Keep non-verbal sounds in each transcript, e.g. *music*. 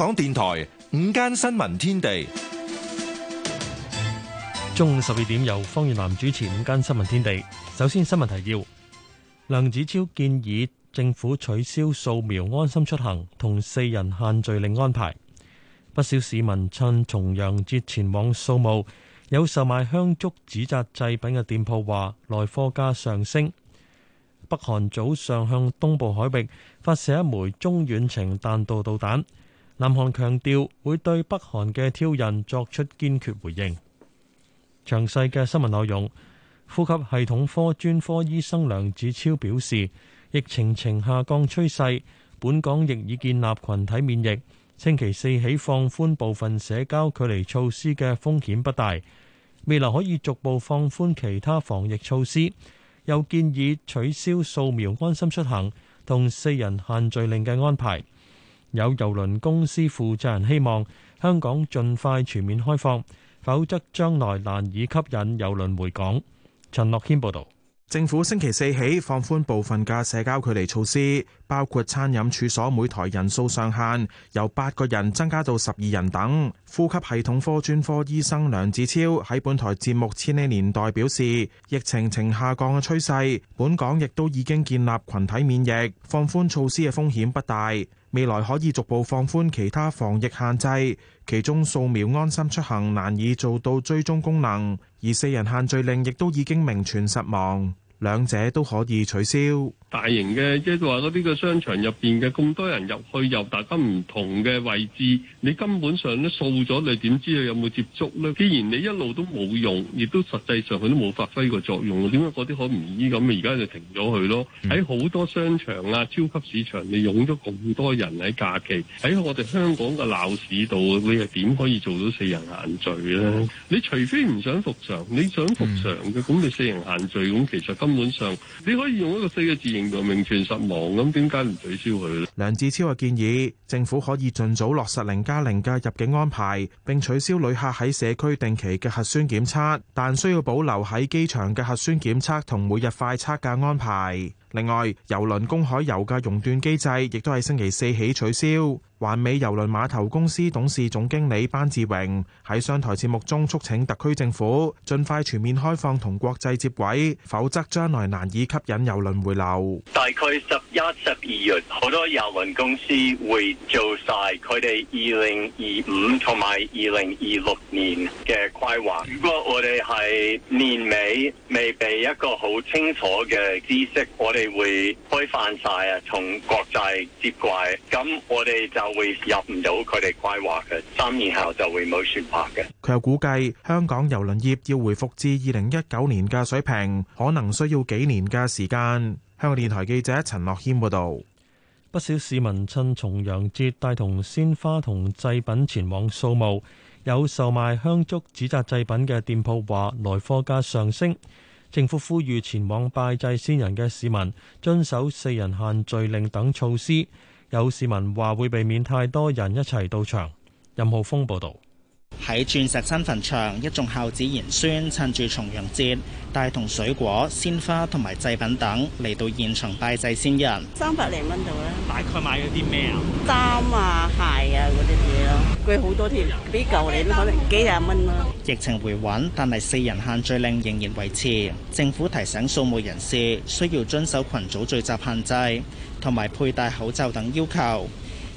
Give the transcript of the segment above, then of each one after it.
香港電台午間新聞天地，中午十二點由方遠南主持《午間新聞天地》。首先新聞提要：梁子超建議政府取消掃描安心出行同四人限聚令安排。不少市民趁重陽節前往掃墓，有售賣香燭紙紮祭品嘅店鋪話來貨價上升。北韓早上向東部海域發射一枚中遠程彈道導彈。南韓強調會對北韓嘅挑釁作出堅決回應。詳細嘅新聞內容，呼吸系統科專科醫生梁子超表示，疫情呈下降趨勢，本港亦已建立群體免疫。星期四起放寬部分社交距離措施嘅風險不大，未來可以逐步放寬其他防疫措施。又建議取消掃描安心出行同四人限聚令嘅安排。有郵輪公司負責人希望香港盡快全面開放，否則將來難以吸引郵輪回港。陳樂軒報導。政府星期四起放寬部分嘅社交距離措施，包括餐飲處所每枱人數上限由八個人增加到十二人等。呼吸系統科專科醫生梁志超喺本台節目《千禧年代》表示，疫情呈下降嘅趨勢，本港亦都已經建立群體免疫，放寬措施嘅風險不大。未來可以逐步放寬其他防疫限制，其中掃瞄安心出行難以做到追蹤功能，而四人限聚令亦都已經名存實亡。兩者都可以取消。大型嘅即係話嗰啲嘅商場入邊嘅咁多人入去又大家唔同嘅位置，你根本上都掃咗你點知佢有冇接觸呢？既然你一路都冇用，亦都實際上佢都冇發揮過作用，點解嗰啲可唔依咁？而家就停咗佢咯。喺好、嗯、多商場啊、超級市場，你擁咗咁多人喺假期，喺我哋香港嘅鬧市度，你係點可以做到四人限聚咧？哦、你除非唔想復常，你想復常嘅，咁、嗯、你四人限聚，咁其實今基本上，你可以用一個四個字形容，名存實亡。咁點解唔取消佢咧？梁志超話建議政府可以盡早落實零加零嘅入境安排，並取消旅客喺社區定期嘅核酸檢測，但需要保留喺機場嘅核酸檢測同每日快測嘅安排。另外，郵輪公海遊嘅熔斷機制亦都係星期四起取消。環美郵輪碼頭公司董事總經理班志榮喺商台節目中促請特區政府盡快全面開放同國際接軌，否則將來難以吸引郵輪回流。大概十一、十二月，好多郵輪公司會做晒佢哋二零二五同埋二零二六年嘅規劃。如果我哋係年尾未畀一個好清楚嘅知識，我哋會開翻晒啊，從國際接軌，咁我哋就會入唔到佢哋規劃嘅，三年後就會冇船舶嘅。佢又估計香港郵輪業要回復至二零一九年嘅水平，可能需要幾年嘅時間。香港電台記者陳樂謙報道。不少市民趁重陽節帶同鮮花同祭品前往掃墓，有售賣香燭、紙紮祭品嘅店鋪話，來貨價上升。政府呼籲前往拜祭先人嘅市民遵守四人限聚令等措施。有市民話會避免太多人一齊到場。任浩峰報導。喺鑽石山墳場，一眾孝子賢孫趁住重陽節，帶同水果、鮮花同埋祭品等嚟到現場拜祭先人。三百零蚊度呢，大概買咗啲咩啊？衫啊、鞋啊嗰啲嘢咯，貴好多添，比舊年可能幾廿蚊咯。疫情回穩，但係四人限聚令仍然維持。政府提醒掃墓人士需要遵守群組聚集限制，同埋佩戴口罩等要求。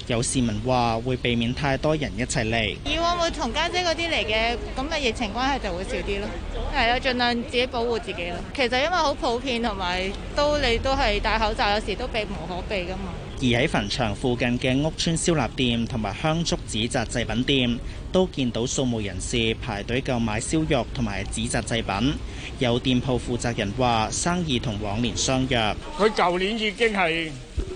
有市民話會避免太多人一齊嚟，以往會同家姐嗰啲嚟嘅，咁咪疫情關係就會少啲咯。係啊，盡量自己保護自己啦。其實因為好普遍，同埋都你都係戴口罩，有時都避無可避噶嘛。而喺墳場附近嘅屋村燒臘店同埋香燭紙紮製品店，都見到掃墓人士排隊購買燒肉同埋紙紮製品。有店鋪負責人話生意同往年相若，佢舊年已經係。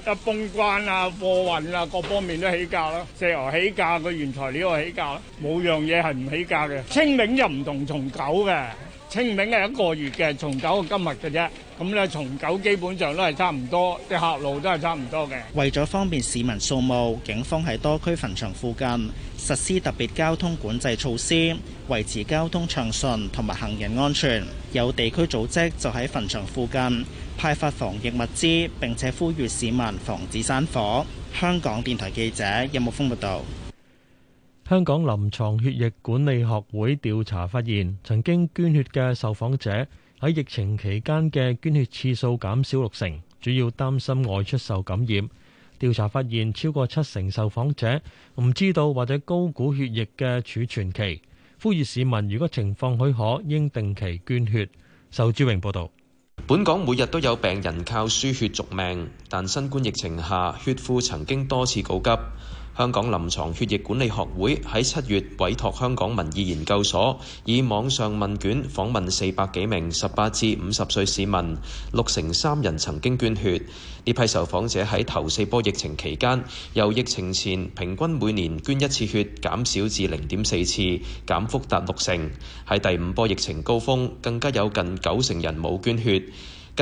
啊，封關啊，貨運啊，各方面都起價啦。石油起價，個原材料又起價啦，冇樣嘢係唔起價嘅。清明又唔同重九嘅。清明係一個月嘅，重九到今日嘅啫。咁咧，重九基本上都係差唔多，啲客路都係差唔多嘅。為咗方便市民掃墓，警方喺多區墳場附近實施特別交通管制措施，維持交通暢順同埋行人安全。有地區組織就喺墳場附近派發防疫物資，並且呼籲市民防止山火。香港電台記者任木峯報道。有香港臨床血液管理學會調查發現，曾經捐血嘅受訪者喺疫情期間嘅捐血次數減少六成，主要擔心外出受感染。調查發現超過七成受訪者唔知道或者高估血液嘅儲存期，呼籲市民如果情況許可，應定期捐血。仇志榮報道。本港每日都有病人靠輸血續命，但新冠疫情下血庫曾經多次告急。香港臨床血液管理學會喺七月委託香港民意研究所，以網上問卷訪問四百幾名十八至五十歲市民，六成三人曾經捐血。呢批受訪者喺頭四波疫情期間，由疫情前平均每年捐一次血，減少至零點四次，減幅達六成。喺第五波疫情高峰，更加有近九成人冇捐血。近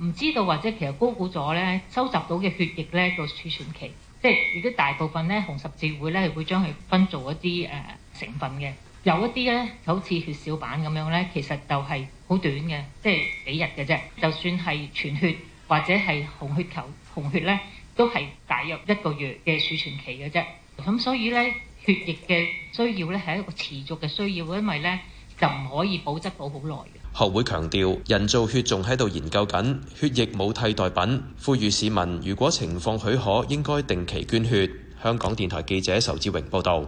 唔知道或者其實高估咗咧，收集到嘅血液咧個儲存期，即係而家大部分咧紅十字會咧係會將佢分做一啲誒、呃、成分嘅，有一啲咧就好似血小板咁樣咧，其實就係好短嘅，即係幾日嘅啫。就算係全血或者係紅血球、紅血咧，都係大約一個月嘅儲存期嘅啫。咁所以咧血液嘅需要咧係一個持續嘅需要，因為咧就唔可以保質保好耐嘅。學會強調，人造血仲喺度研究緊，血液冇替代品。呼籲市民如果情況許可，應該定期捐血。香港電台記者仇志榮報導。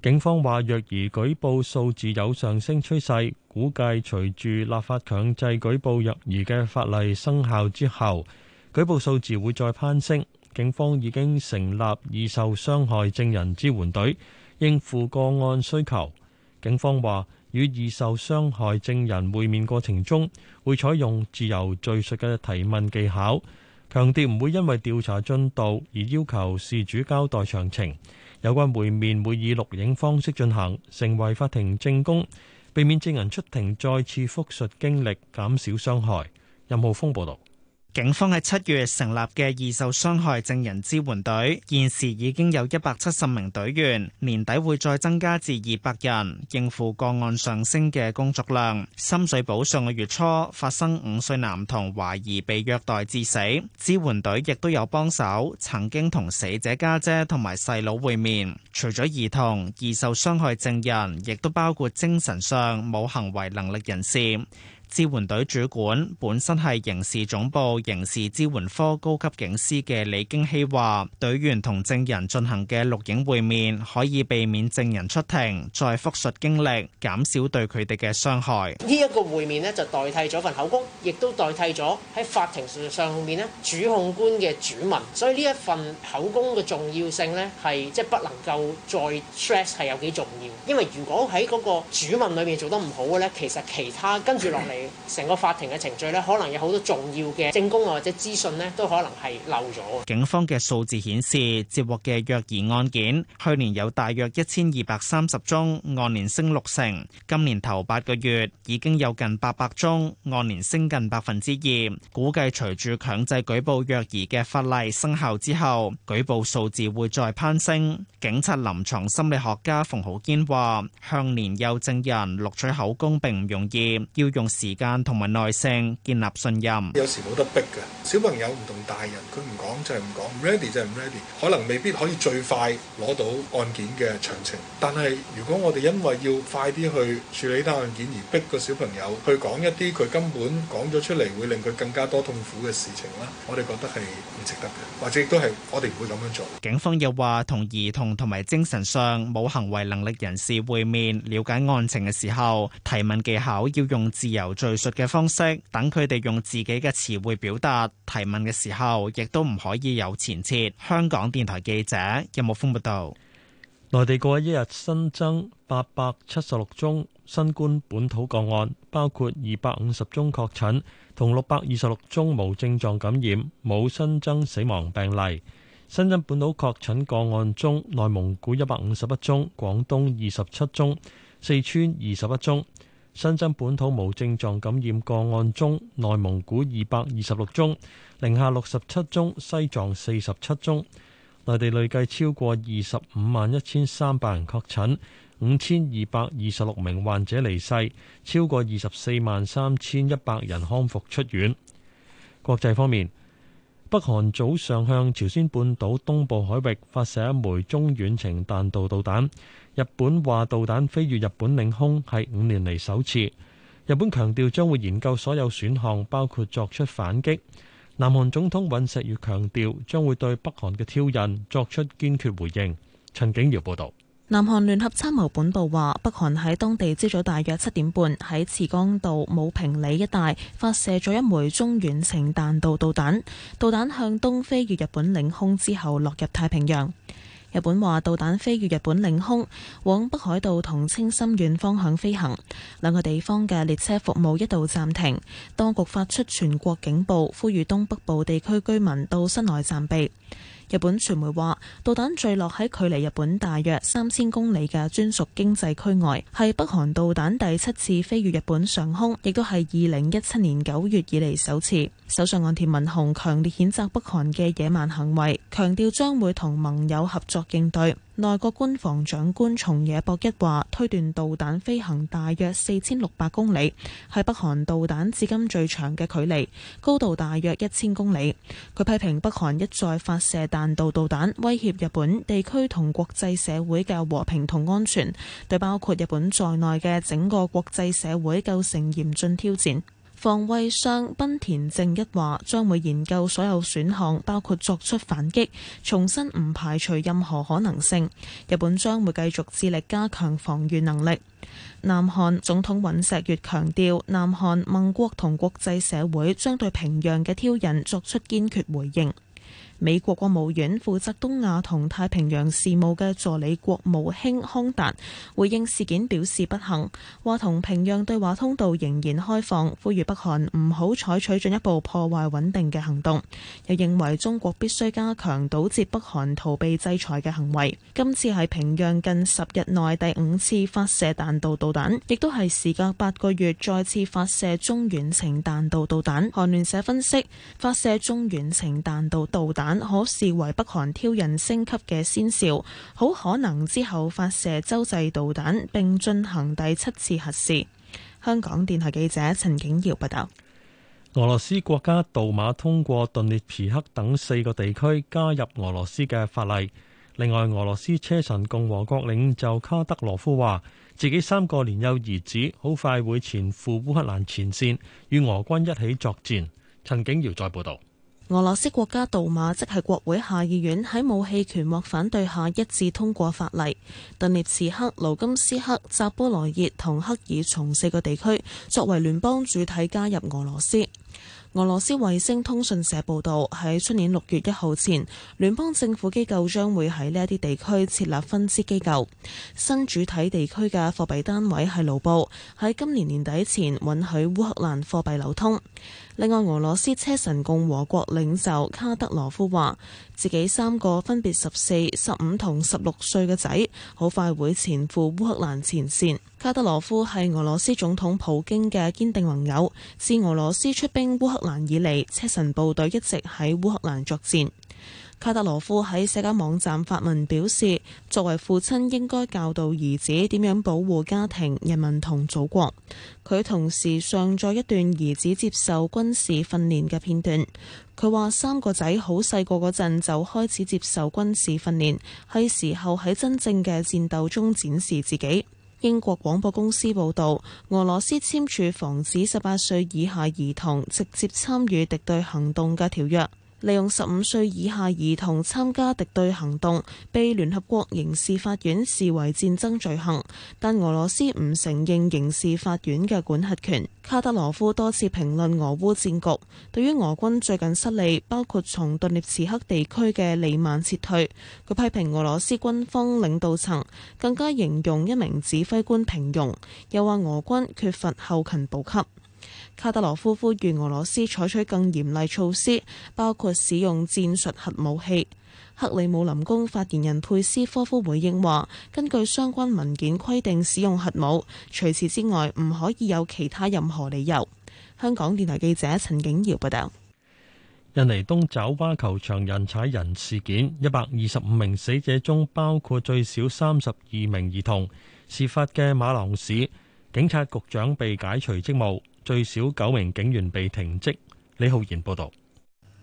警方話，虐兒舉報數字有上升趨勢，估計隨住立法強制舉報虐兒嘅法例生效之後，舉報數字會再攀升。警方已經成立易受傷害證人支援隊，應付個案需求。警方話，與易受傷害證人會面過程中，會採用自由敘述嘅提問技巧，強調唔會因為調查進度而要求事主交代詳情。有關會面會以錄影方式進行，成為法庭證供，避免證人出庭再次複述經歷，減少傷害。任浩峰報道。警方喺七月成立嘅易受傷害證人支援隊，現時已經有一百七十名隊員，年底會再增加至二百人，應付個案上升嘅工作量。深水埗上個月初發生五歲男童懷疑被虐待致死，支援隊亦都有幫手，曾經同死者家姐同埋細佬會面。除咗兒童，易受傷害證人亦都包括精神上冇行為能力人士。支援隊主管本身係刑事總部刑事支援科高級警司嘅李京希話：隊員同證人進行嘅錄影會面，可以避免證人出庭再複述經歷，減少對佢哋嘅傷害。呢一個會面呢，就代替咗份口供，亦都代替咗喺法庭上面呢主控官嘅主問。所以呢一份口供嘅重要性呢，係即係不能夠再 stress 係有幾重要。因為如果喺嗰個主問裏面做得唔好嘅呢，其實其他跟住落嚟。成個法庭嘅程序呢，可能有好多重要嘅證供或者資訊呢，都可能係漏咗。警方嘅數字顯示，接獲嘅虐兒案件去年有大約一千二百三十宗，按年升六成。今年頭八個月已經有近八百宗，按年升近百分之二。估計隨住強制舉報虐兒嘅法例生效之後，舉報數字會再攀升。警察臨床心理學家馮浩堅話：向年幼證人錄取口供並唔容易，要用時。時間同埋耐性建立信任，有時冇得逼嘅。小朋友唔同大人，佢唔講就係唔講，ready 就係唔 ready。可能未必可以最快攞到案件嘅詳情。但係如果我哋因為要快啲去處理呢單案件而逼個小朋友去講一啲佢根本講咗出嚟會令佢更加多痛苦嘅事情啦，我哋覺得係唔值得嘅，或者亦都係我哋唔會咁樣做。警方又話，同兒童同埋精神上冇行為能力人士會面，了解案情嘅時候，提問技巧要用自由。敘述嘅方式，等佢哋用自己嘅詞彙表達。提問嘅時候，亦都唔可以有前設。香港電台記者任木峰報道。有有內地過一日新增八百七十六宗新冠本土個案，包括二百五十宗確診同六百二十六宗無症狀感染，冇新增死亡病例。新增本土確診個案中，內蒙古一百五十一宗，廣東二十七宗，四川二十一宗。新增本土無症狀感染個案中，內蒙古二百二十六宗，寧夏六十七宗，西藏四十七宗。內地累計超過二十五萬一千三百人確診，五千二百二十六名患者離世，超過二十四萬三千一百人康復出院。國際方面，北韓早上向朝鮮半島東部海域發射一枚中遠程彈道導彈。日本話導彈飛越日本領空係五年嚟首次，日本強調將會研究所有選項，包括作出反擊。南韓總統尹錫悅強調將會對北韓嘅挑釁作出堅決回應。陳景瑤報道，南韓聯合參謀本部話，北韓喺當地朝早大約七點半喺慈江道武平里一帶發射咗一枚中遠程彈道導彈，導彈向東飛越日本領空之後落入太平洋。日本話導彈飛越日本領空，往北海道同青森縣方向飛行，兩個地方嘅列車服務一度暫停，當局發出全國警報，呼籲東北部地區居民到室內暫避。日本傳媒話，導彈墜落喺距離日本大約三千公里嘅專屬經濟區外，係北韓導彈第七次飛越日本上空，亦都係二零一七年九月以嚟首次。首相岸田文雄強烈譴責北韓嘅野蠻行為，強調將會同盟友合作應對。內閣官房長官松野博一話，推斷導彈飛行大約四千六百公里，係北韓導彈至今最長嘅距離，高度大約一千公里。佢批評北韓一再發射彈道導彈，威脅日本地區同國際社會嘅和平同安全，對包括日本在內嘅整個國際社會構成嚴峻挑戰。防衛相濱田正一話，將會研究所有選項，包括作出反擊，重申唔排除任何可能性。日本將會繼續致力加強防禦能力。南韓總統尹錫悅強調，南韓、盟國同國際社會將對平壤嘅挑釁作出堅決回應。美國國務院負責東亞同太平洋事務嘅助理國務卿康達回應事件表示不幸，話同平壤對話通道仍然開放，呼籲北韓唔好採取進一步破壞穩定嘅行動。又認為中國必須加強堵截北韓逃避制裁嘅行為。今次係平壤近十日內第五次發射彈道導彈，亦都係時隔八個月再次發射中遠程彈道導彈。韓聯社分析，發射中遠程彈道導彈，可視為北韓挑釁升級嘅先兆，好可能之後發射洲際導彈並進行第七次核試。香港電台記者陳景瑤報道。俄羅斯國家杜馬通過頓涅皮克等四個地區加入俄羅斯嘅法例。另外，俄羅斯車臣共和國領袖卡德羅夫話，自己三個年幼兒子好快會前赴烏克蘭前線，與俄軍一起作戰。陳景瑤再報道。俄羅斯國家杜馬即係國會下議院喺無棄權或反對下一致通過法例，頓涅茨克、盧甘斯克、扎波羅熱同克爾松四個地區作為聯邦主體加入俄羅斯。俄羅斯衛星通訊社報導，喺出年六月一號前，聯邦政府機構將會喺呢一啲地區設立分支機構。新主體地區嘅貨幣單位係盧布，喺今年年底前允許烏克蘭貨幣流通。另外，俄羅斯車臣共和國領袖卡德羅夫話，自己三個分別十四、十五同十六歲嘅仔，好快會前赴烏克蘭前線。卡德羅夫係俄羅斯總統普京嘅堅定盟友，自俄羅斯出兵烏克蘭以嚟，車臣部隊一直喺烏克蘭作戰。卡德羅夫喺社交網站發文表示，作為父親應該教導兒子點樣保護家庭、人民同祖國。佢同時上載一段兒子接受軍事訓練嘅片段。佢話三個仔好細個嗰陣就開始接受軍事訓練，係時候喺真正嘅戰鬥中展示自己。英國廣播公司報道，俄羅斯簽署防止十八歲以下兒童直接參與敵對行動嘅條約。利用十五歲以下兒童參加敵對行動，被聯合國刑事法院視為戰爭罪行，但俄羅斯唔承認刑事法院嘅管轄權。卡德羅夫多次評論俄烏戰局，對於俄軍最近失利，包括從頓涅茨克地區嘅利曼撤退，佢批評俄羅斯軍方領導層，更加形容一名指揮官平庸，又話俄軍缺乏後勤補給。卡德羅夫呼籲俄羅斯採取更嚴厲措施，包括使用戰術核武器。克里姆林宮發言人佩斯科夫回應話，根據相關文件規定，使用核武，除此之外唔可以有其他任何理由。香港電台記者陳景瑤報道。印尼東爪哇球場人踩人事件，一百二十五名死者中包括最少三十二名兒童。事發嘅馬琅市警察局長被解除職務。最少九名警員被停職。李浩然報道，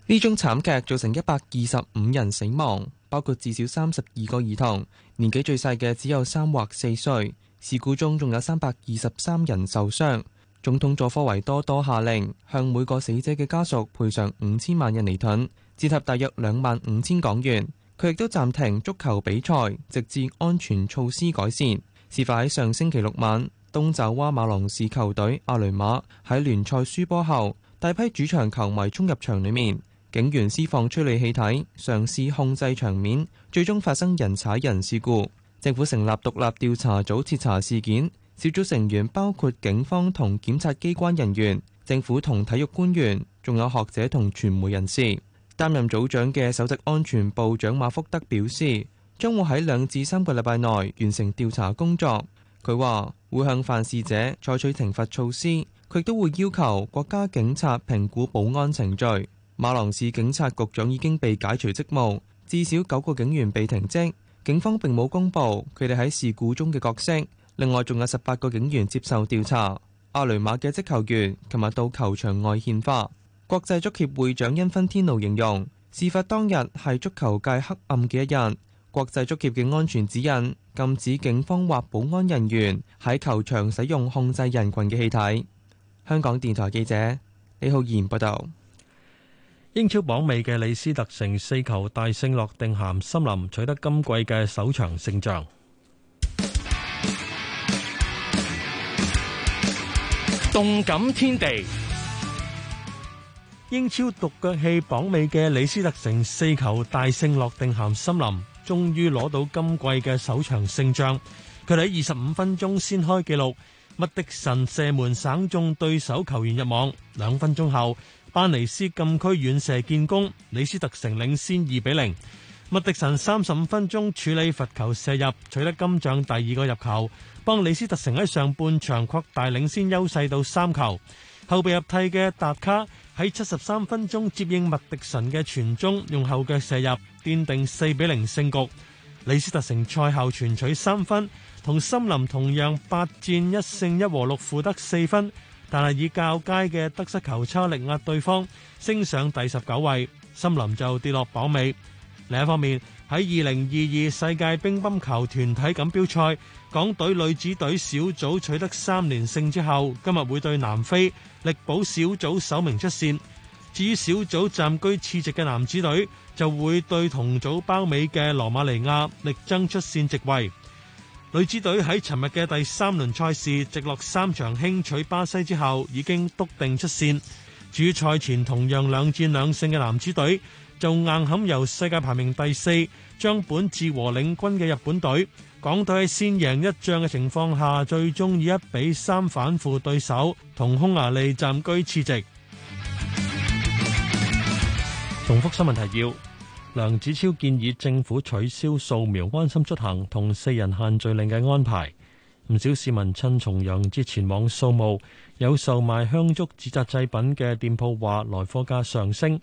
呢宗慘劇造成一百二十五人死亡，包括至少三十二個兒童，年紀最細嘅只有三或四歲。事故中仲有三百二十三人受傷。總統佐科維多多下令向每個死者嘅家屬賠償五千萬印尼盾，折合大約兩萬五千港元。佢亦都暫停足球比賽，直至安全措施改善。事發喺上星期六晚。東爪哇馬隆市球隊阿雷馬喺聯賽輸波後，大批主場球迷衝入場裏面，警員施放催淚氣體，嘗試控制場面，最終發生人踩人事故。政府成立獨立調查組徹查事件，小組成員包括警方同檢察機關人員、政府同體育官員，仲有學者同傳媒人士。擔任組長嘅首席安全部部長馬福德表示，將會喺兩至三個禮拜內完成調查工作。佢話。會向犯事者採取懲罰措施，佢都會要求國家警察評估保安程序。馬郎市警察局長已經被解除職務，至少九個警員被停職，警方並冇公布佢哋喺事故中嘅角色。另外仲有十八個警員接受調查。阿雷馬嘅職球員琴日到球場外獻花。國際足協會長恩芬天奴形容，事發當日係足球界黑暗嘅一日。國際足協嘅安全指引禁止警方或保安人員喺球場使用控制人群嘅氣體。香港電台記者李浩然報道。英超榜尾嘅李斯特城四球大勝諾定咸森林，取得今季嘅首場勝仗。動感天地，英超獨腳戲榜尾嘅李斯特城四球大勝諾定咸森林，終於攞到今季嘅首場勝仗，佢哋喺二十五分鐘先開紀錄，麥迪臣射門省中對手球員入網，兩分鐘後班尼斯禁區遠射建功，李斯特城領先二比零。麥迪臣三十五分鐘處理罰球射入，取得今仗第二個入球，幫李斯特城喺上半場擴大領先優勢到三球。後備入替嘅達卡，喺七十三分鐘接應麥迪神嘅傳中，用後腳射入，奠定四比零勝局。李斯特城賽後全取三分，同森林同樣八戰一勝一和六負得四分，但係以較佳嘅得失球差力壓對方，升上第十九位。森林就跌落榜尾。另一方面，喺二零二二世界乒乓球團體錦標賽，港隊女子隊小組取得三連勝之後，今日會對南非，力保小組首名出線。至於小組暫居次席嘅男子隊，就會對同組包尾嘅羅馬尼亞力爭出線席位。女子隊喺尋日嘅第三輪賽事直落三場輕取巴西之後，已經篤定出線。至於賽前同樣兩戰兩勝嘅男子隊。就硬撼由世界排名第四，張本智和領軍嘅日本隊，港隊喺先贏一仗嘅情況下，最終以一比三反負對手，同匈牙利暫居次席。重複新聞提要：梁子超建議政府取消掃描安心出行同四人限聚令嘅安排。唔少市民趁重陽節前往掃墓，有售賣香燭紙紮製品嘅店鋪話來貨價上升。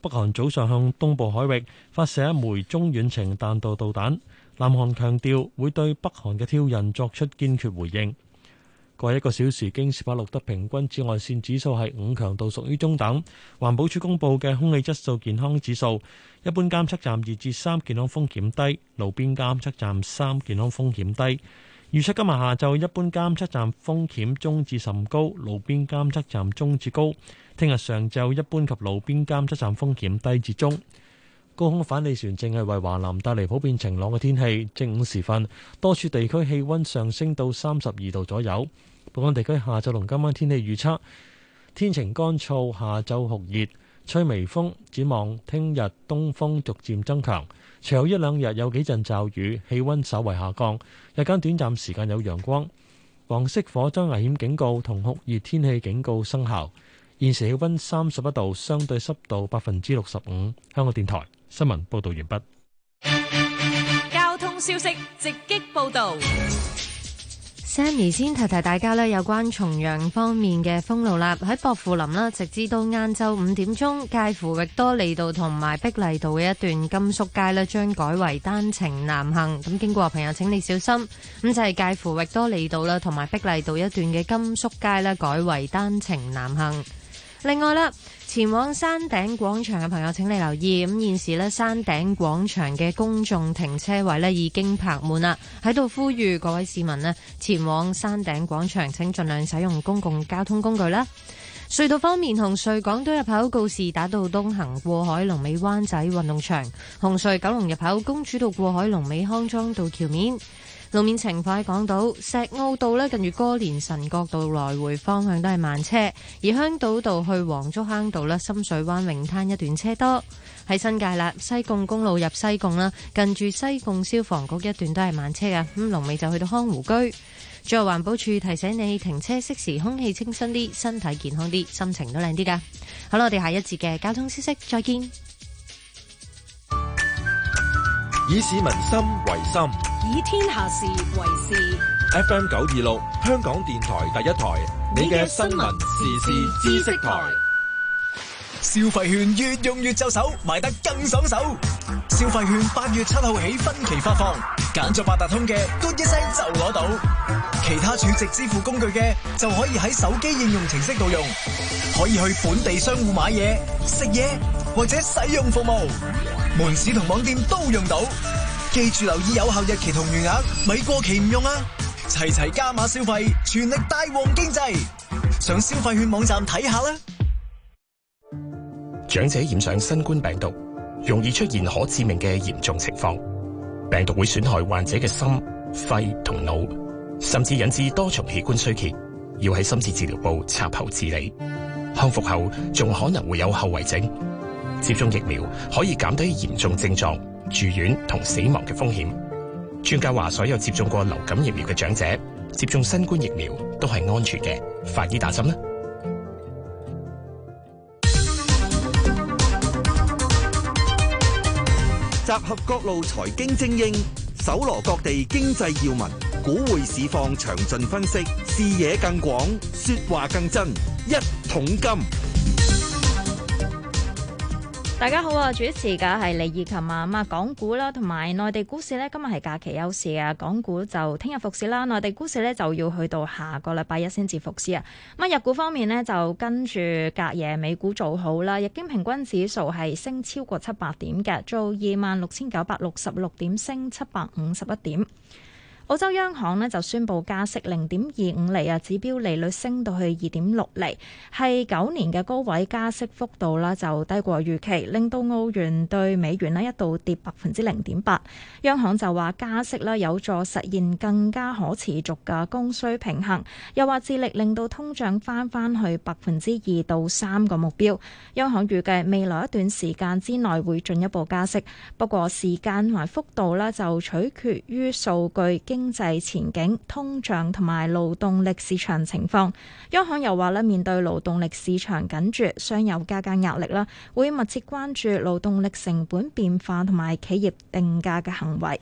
北韓早上向東部海域發射一枚中遠程彈道導彈，南韓強調會對北韓嘅挑釁作出堅決回應。過一個小時，京士柏錄得平均紫外線指數係五強度，屬於中等。環保署公布嘅空氣質素健康指數，一般監測站二至三健康風險低，路邊監測站三健康風險低。預測今日下晝，一般監測站風險中至甚高，路邊監測站中至高。聽日上晝，一般及路邊監測站風險低至中。高空反氣旋正係為華南帶嚟普遍晴朗嘅天氣。正午時分，多處地區氣溫上升到三十二度左右。本港地區下晝同今晚天氣預測：天晴乾燥，下晝酷熱，吹微風。展望聽日東風逐漸增強，隨後一兩日有幾陣驟雨，氣溫稍為下降。日間短暫時間有陽光。黃色火災危險警告同酷熱天氣警告生效。現時氣溫三十一度，相對濕度百分之六十五。香港電台新聞報道完畢。交通消息直擊報道。 *music* Sammy 先提提大家咧，有關重陽方面嘅封路啦。喺薄扶林啦，直至到晏晝五點鐘，介乎域多利道同埋碧麗道嘅一段金粟街咧，將改為單程南行。咁經過朋友，請你小心。咁就係、是、介乎域多利道啦，同埋碧麗道一段嘅金粟街咧，改為單程南行。另外啦，前往山頂廣場嘅朋友，請你留意。咁現時呢，山頂廣場嘅公眾停車位呢已經泊滿啦。喺度呼籲各位市民呢，前往山頂廣場，請盡量使用公共交通工具啦。隧道方面，紅隧港島入口告示打到東行過海龍尾灣仔運動場；紅隧九龍入口公主道過海龍尾康莊道橋面。路面情況喺港島石澳道咧，近住歌連臣角道來回方向都係慢車；而香島道去黃竹坑道咧，深水灣泳灘一段車多。喺新界啦，西貢公路入西貢啦，近住西貢消防局一段都係慢車噶。咁龍尾就去到康湖居。最後環保署提醒你停車適時，空氣清新啲，身體健康啲，心情都靚啲噶。好啦，我哋下一節嘅交通消息再見。以市民心為心，以天下事為事。FM 九二六，香港電台第一台，你嘅新聞、時事、知識台。消費券越用越就手，買得更爽手。消費券八月七號起分期發放，揀咗八達通嘅，嘟一聲就攞到；其他儲值支付工具嘅，就可以喺手機應用程式度用，可以去本地商戶買嘢、食嘢或者使用服務。門市同網店都用到，記住留意有效日期同餘額，咪過期唔用啊！齊齊加碼消費，全力帶旺經濟，上消費券網站睇下啦！長者染上新冠病毒，容易出現可致命嘅嚴重情況，病毒會損害患者嘅心、肺同腦，甚至引致多重器官衰竭，要喺深切治療部插喉治理，康復後仲可能會有後遺症。接種疫苗，可以減低嚴重症狀、住院同死亡嘅風險。專家話，所有接種過流感疫苗嘅長者接種新冠疫苗都係安全嘅。快啲打針啦！集合各路財經精英，搜羅各地經濟要聞，股匯市況詳盡分析，視野更廣，說話更真，一桶金。大家好啊！主持嘅係李以琴啊，咁、嗯、啊，港股啦同埋內地股市呢，今日係假期休市啊。港股就聽日復市啦，內地股市呢，就要去到下個禮拜一先至復市啊。咁、嗯、啊，日股方面呢，就跟住隔夜美股做好啦，日經平均指數係升超過七百點嘅，做二萬六千九百六十六點，升七百五十一點。澳洲央行呢就宣布，加息零點二五厘啊，指標利率升到去二點六厘，係九年嘅高位加息幅度啦，就低過預期，令到澳元兌美元呢一度跌百分之零點八。央行就話加息咧有助實現更加可持續嘅供需平衡，又話致力令到通脹翻返去百分之二到三個目標，央行預計未來一段時間之內會進一步加息，不過時間同埋幅度咧就取決於數據經。經濟前景、通脹同埋勞動力市場情況，央行又話咧，面對勞動力市場緊張、上游加價壓力啦，會密切關注勞動力成本變化同埋企業定價嘅行為。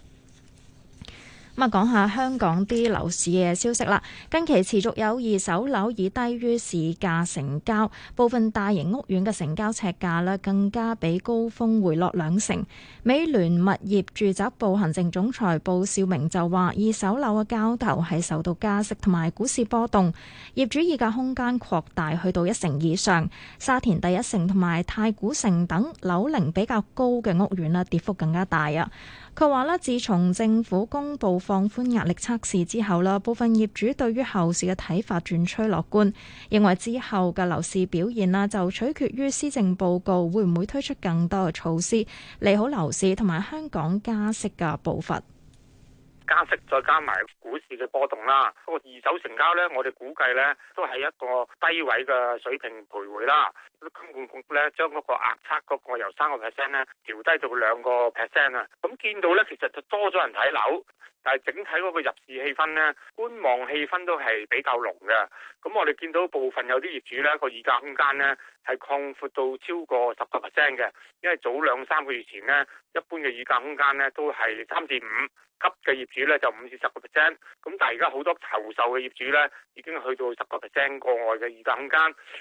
咁啊，講下香港啲樓市嘅消息啦。近期持續有二手樓以低於市價成交，部分大型屋苑嘅成交尺價咧更加比高峰回落兩成。美聯物業住宅部行政總裁布少明就話，二手樓嘅交投係受到加息同埋股市波動，業主議價空間擴大，去到一成以上。沙田第一城同埋太古城等樓齡比較高嘅屋苑咧，跌幅更加大啊！佢話呢，自從政府公布放寬壓力測試之後啦，部分業主對於後市嘅睇法轉趨樂觀，認為之後嘅樓市表現啊，就取決於施政報告會唔會推出更多嘅措施利好樓市，同埋香港加息嘅步伐。加息再加埋股市嘅波動啦，嗰個二手成交呢，我哋估計呢都係一個低位嘅水平徘徊啦。金管局呢將嗰個壓測嗰個由三個 percent 呢調低到兩個 percent 啊，咁見到呢其實就多咗人睇樓。但係整體嗰個入市氣氛呢，觀望氣氛都係比較濃嘅。咁我哋見到部分有啲業主呢，個議價空間呢係擴闊到超過十個 percent 嘅。因為早兩三個月前呢，一般嘅議價空間呢都係三至五級嘅業主呢就五至十個 percent。咁但係而家好多投售嘅業主呢已經去到十個 percent 過外嘅議價空間。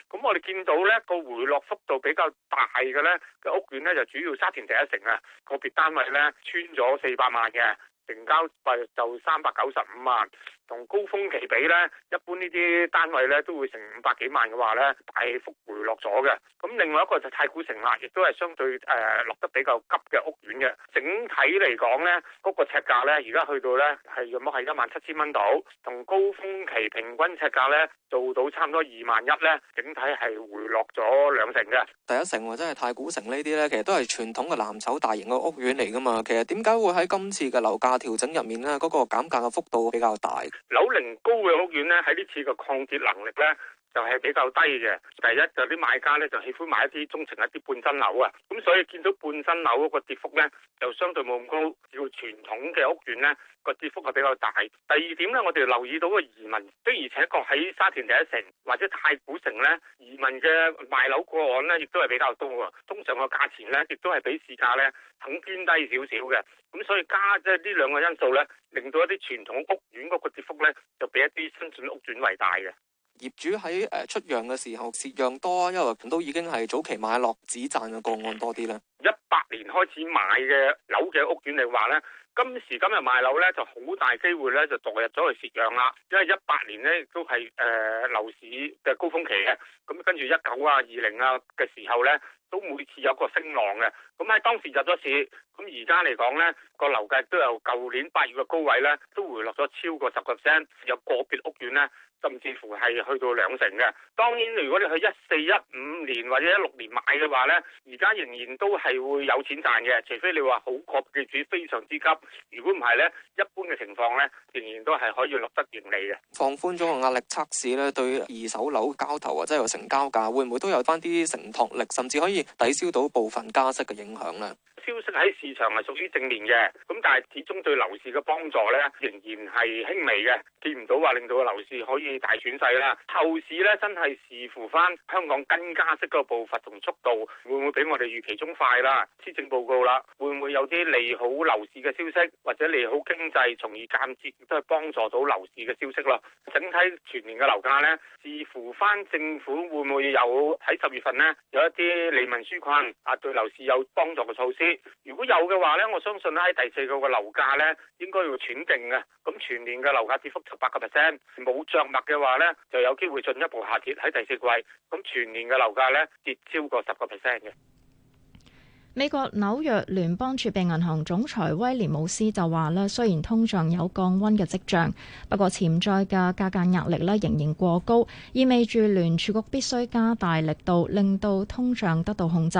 咁我哋見到呢個回落幅度比較大嘅呢，嘅屋苑呢就主要沙田第一城啊，個別單位呢穿咗四百萬嘅。成交費就三百九十五萬。同高峰期比咧，一般呢啲單位咧都會成五百幾萬嘅話咧，大幅回落咗嘅。咁另外一個就係太古城啦，亦都係相對誒、呃、落得比較急嘅屋苑嘅。整體嚟講咧，嗰、那個尺價咧而家去到咧係冇係一萬七千蚊度，同高峰期平均尺價咧做到差唔多二萬一咧，整體係回落咗兩成嘅。第一城喎，或者係太古城呢啲咧，其實都係傳統嘅藍籌大型嘅屋苑嚟噶嘛。其實點解會喺今次嘅樓價調整入面咧，嗰、那個減價嘅幅度比較大？樓齡高嘅屋苑咧，喺呢次嘅抗跌能力咧，就係比較低嘅。第一就啲、是、買家咧就喜歡買一啲中層一啲半新樓啊，咁所以見到半新樓嗰個跌幅咧，就相對冇咁高。至於傳統嘅屋苑咧，個跌幅係比較大。第二點咧，我哋留意到個移民的而且確喺沙田第一城或者太古城咧，移民嘅賣樓個案咧，亦都係比較多啊。通常個價錢咧，亦都係比市價咧肯偏低少少嘅。咁所以加即係呢兩個因素咧，令到一啲傳統屋苑嗰個跌幅咧，就比一啲新盤屋苑為大嘅。業主喺誒出讓嘅時候蝕讓多，因為都已經係早期買落止賺嘅個案多啲啦。一八年開始買嘅樓嘅屋苑嚟話咧，今時今日賣樓咧就好大機會咧就墮入咗去蝕讓啦，因為一八年咧亦都係誒樓市嘅高峰期嘅，咁跟住一九啊、二零啊嘅時候咧，都每次有一個升浪嘅，咁喺當時入咗市。咁而家嚟講呢個樓價都由舊年八月嘅高位呢都回落咗超過十個 percent，有個別屋苑呢，甚至乎係去到兩成嘅。當然，如果你去一四一五年或者一六年買嘅話呢，而家仍然都係會有錢賺嘅，除非你話好急嘅，非常之急。如果唔係呢，一般嘅情況呢，仍然都係可以落得盈利嘅。放寬咗個壓力測試呢，對二手樓交投或者係成交價，會唔會都有翻啲承托力，甚至可以抵消到部分加息嘅影響呢？消息喺市場係屬於正面嘅，咁但係始終對樓市嘅幫助呢仍然係輕微嘅，見唔到話令到個樓市可以大轉勢啦。後市呢真係視乎翻，香港跟加息嘅步伐同速度，會唔會俾我哋預期中快啦？施政報告啦，會唔會有啲利好樓市嘅消息，或者利好經濟，從而間接都係幫助到樓市嘅消息啦。整體全年嘅樓價呢，視乎翻政府會唔會有喺十月份呢有一啲利民紓困啊，對樓市有幫助嘅措施。如果有嘅話呢，我相信喺第四季嘅樓價呢，應該要轉定啊。咁全年嘅樓價跌幅十八個 percent，冇着墨嘅話呢就有機會進一步下跌喺第四季。咁全年嘅樓價呢跌超過十個 percent 嘅。美國紐約聯邦儲備銀行總裁威廉姆斯就話啦，雖然通脹有降溫嘅跡象，不過潛在嘅價格壓力咧仍然過高，意味住聯儲局必須加大力度，令到通脹得到控制。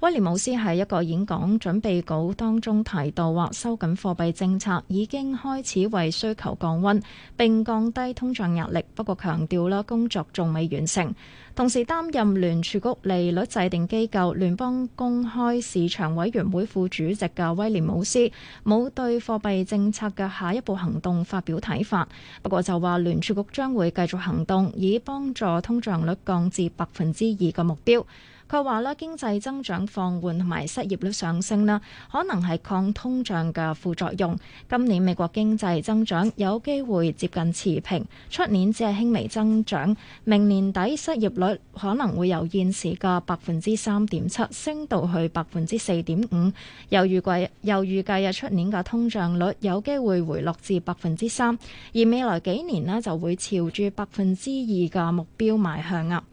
威廉姆斯喺一個演講準備稿當中提到，話收緊貨幣政策已經開始為需求降溫並降低通脹壓力，不過強調啦，工作仲未完成。同時擔任聯儲局利率制定機構聯邦公開市場委員會副主席嘅威廉姆斯冇對貨幣政策嘅下一步行動發表睇法，不過就話聯儲局將會繼續行動，以幫助通脹率降至百分之二嘅目標。佢話咧，經濟增長放緩同埋失業率上升咧，可能係抗通脹嘅副作用。今年美國經濟增長有機會接近持平，出年只係輕微增長。明年底失業率可能會由現時嘅百分之三點七升到去百分之四點五。又預計又預計，啊出年嘅通脹率有機會回落至百分之三，而未來幾年咧就會朝住百分之二嘅目標邁向啊。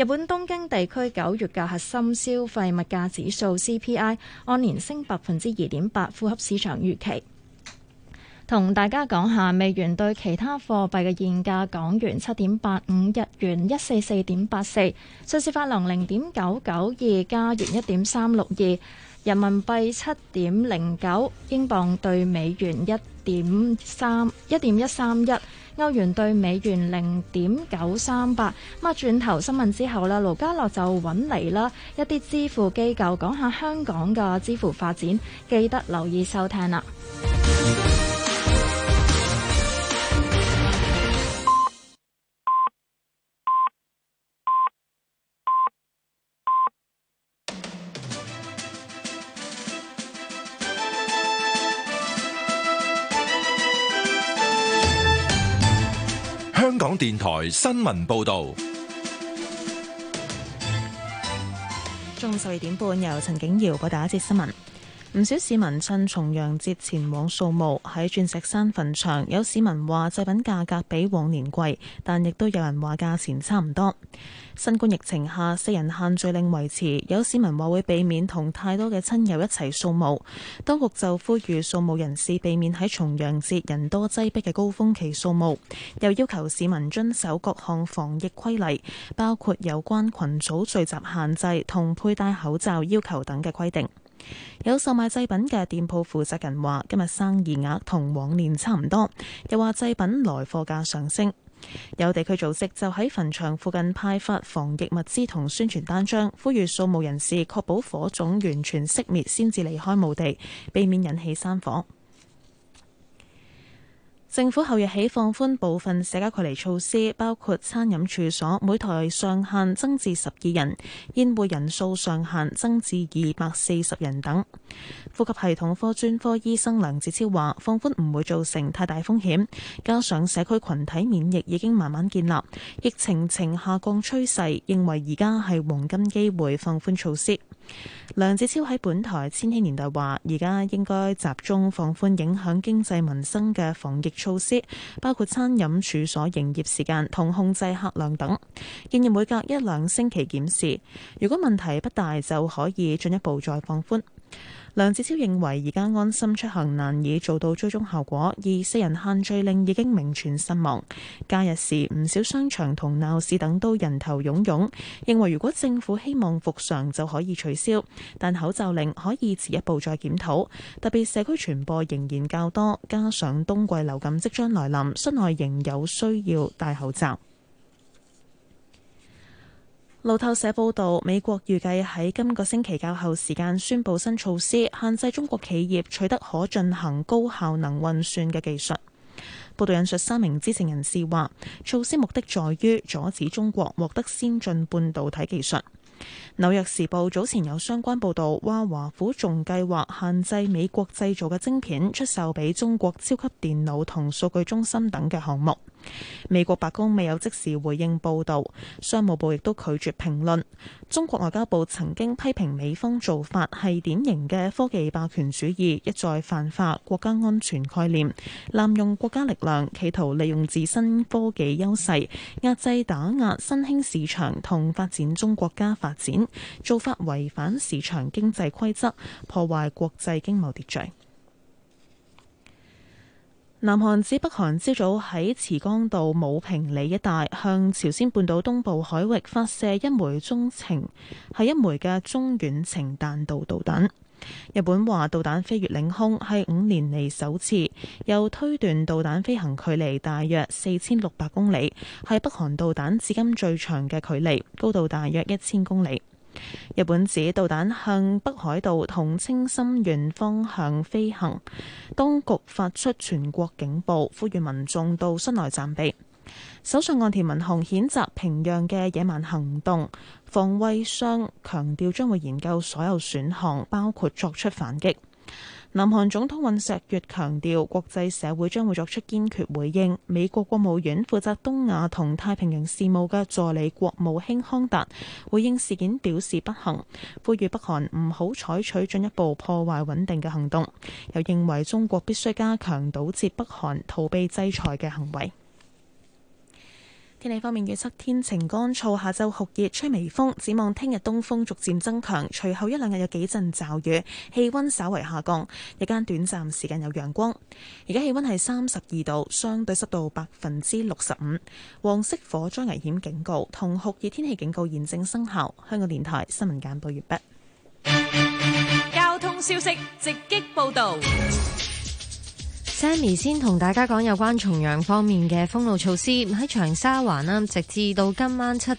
日本東京地區九月嘅核心消費物價指數 CPI 按年升百分之二點八，符合市場預期。同大家講下美元對其他貨幣嘅現價：港元七點八五，日元一四四點八四，瑞士法郎零點九九二，加元一點三六二，人民幣七點零九，英鎊兌美元一點三一點一三一，歐元兌美元零點九三八。咁啊，轉頭新聞之後咧，盧家樂就揾嚟啦，一啲支付機構講下香港嘅支付發展，記得留意收聽啦。香港電台新聞報道，中午十二點半由陳景瑤播報一節新聞。唔少市民趁重陽節前往掃墓，喺鑽石山墳場有市民話祭品價格比往年貴，但亦都有人話價錢差唔多。新冠疫情下四人限聚令維持，有市民話會避免同太多嘅親友一齊掃墓。當局就呼籲掃墓人士避免喺重陽節人多擠迫嘅高峰期掃墓，又要求市民遵守各項防疫規例，包括有關群組聚集限制同佩戴口罩要求等嘅規定。有售賣祭品嘅店鋪負責人話：今日生意額同往年差唔多，又話祭品來貨價上升。有地區組織就喺墳場附近派發防疫物資同宣傳單張，呼籲掃墓人士確保火種完全熄滅先至離開墓地，避免引起山火。政府後日起放寬部分社交距離措施，包括餐飲處所每台上限增至十二人，宴會人數上限增至二百四十人等。呼吸系統科專科醫生梁志超話，放寬唔會造成太大風險，加上社區群體免疫已經慢慢建立，疫情呈下降趨勢，認為而家係黃金機會放寬措施。梁子超喺本台千禧年代話，而家應該集中放寬影響經濟民生嘅防疫措施，包括餐飲處所營業時間同控制客量等，建議每隔一兩星期檢視，如果問題不大就可以進一步再放寬。梁子超認為而家安心出行難以做到追蹤效果，而四人限聚令已經名存實亡。假日時唔少商場同鬧市等都人頭涌湧，認為如果政府希望復常就可以取消，但口罩令可以遲一步再檢討。特別社區傳播仍然較多，加上冬季流感即將來臨，室內仍有需要戴口罩。路透社報道，美國預計喺今個星期較後時間宣布新措施，限制中國企業取得可進行高效能運算嘅技術。報道引述三名知情人士話，措施目的在於阻止中國獲得先進半導體技術。紐約時報早前有相關報道，話華府仲計劃限制美國製造嘅晶片出售俾中國超級電腦同數據中心等嘅項目。美國白宮未有即時回應報道，商務部亦都拒絕評論。中國外交部曾經批評美方做法係典型嘅科技霸權主義，一再泛化國家安全概念，濫用國家力量，企圖利用自身科技優勢壓制打壓新興市場同發展中國家發展，做法違反市場經濟規則，破壞國際經貿秩序。南韓指北韓朝早喺慈江道武平里一帶向朝鮮半島東部海域發射一枚中程，係一枚嘅中遠程彈道導彈。日本話導彈飛越領空係五年嚟首次，又推斷導彈飛行距離大約四千六百公里，係北韓導彈至今最長嘅距離，高度大約一千公里。日本指導彈向北海道同青森縣方向飛行，當局發出全國警報，呼籲民眾到室內暫避。首相岸田文雄譴責平壤嘅野蠻行動，防衛相強調將會研究所有選項，包括作出反擊。南韓總統尹錫悅強調，國際社會將會作出堅決回應。美國國務院負責東亞同太平洋事務嘅助理國務卿康達回應事件表示不幸，呼籲北韓唔好採取進一步破壞穩定嘅行動，又認為中國必須加強堵截北韓逃避制裁嘅行為。天氣方面預測天晴乾燥，下晝酷熱，吹微風，展望聽日東風逐漸增強，隨後一兩日有幾陣驟雨，氣溫稍為下降，日間短暫時間有陽光。而家氣溫係三十二度，相對濕度百分之六十五。黃色火災危險警告同酷熱天氣警告現正生效。香港電台新聞簡報完畢。交通消息直擊報道。Sammy 先同大家講有關重陽方面嘅封路措施，喺長沙灣啦，直至到今晚7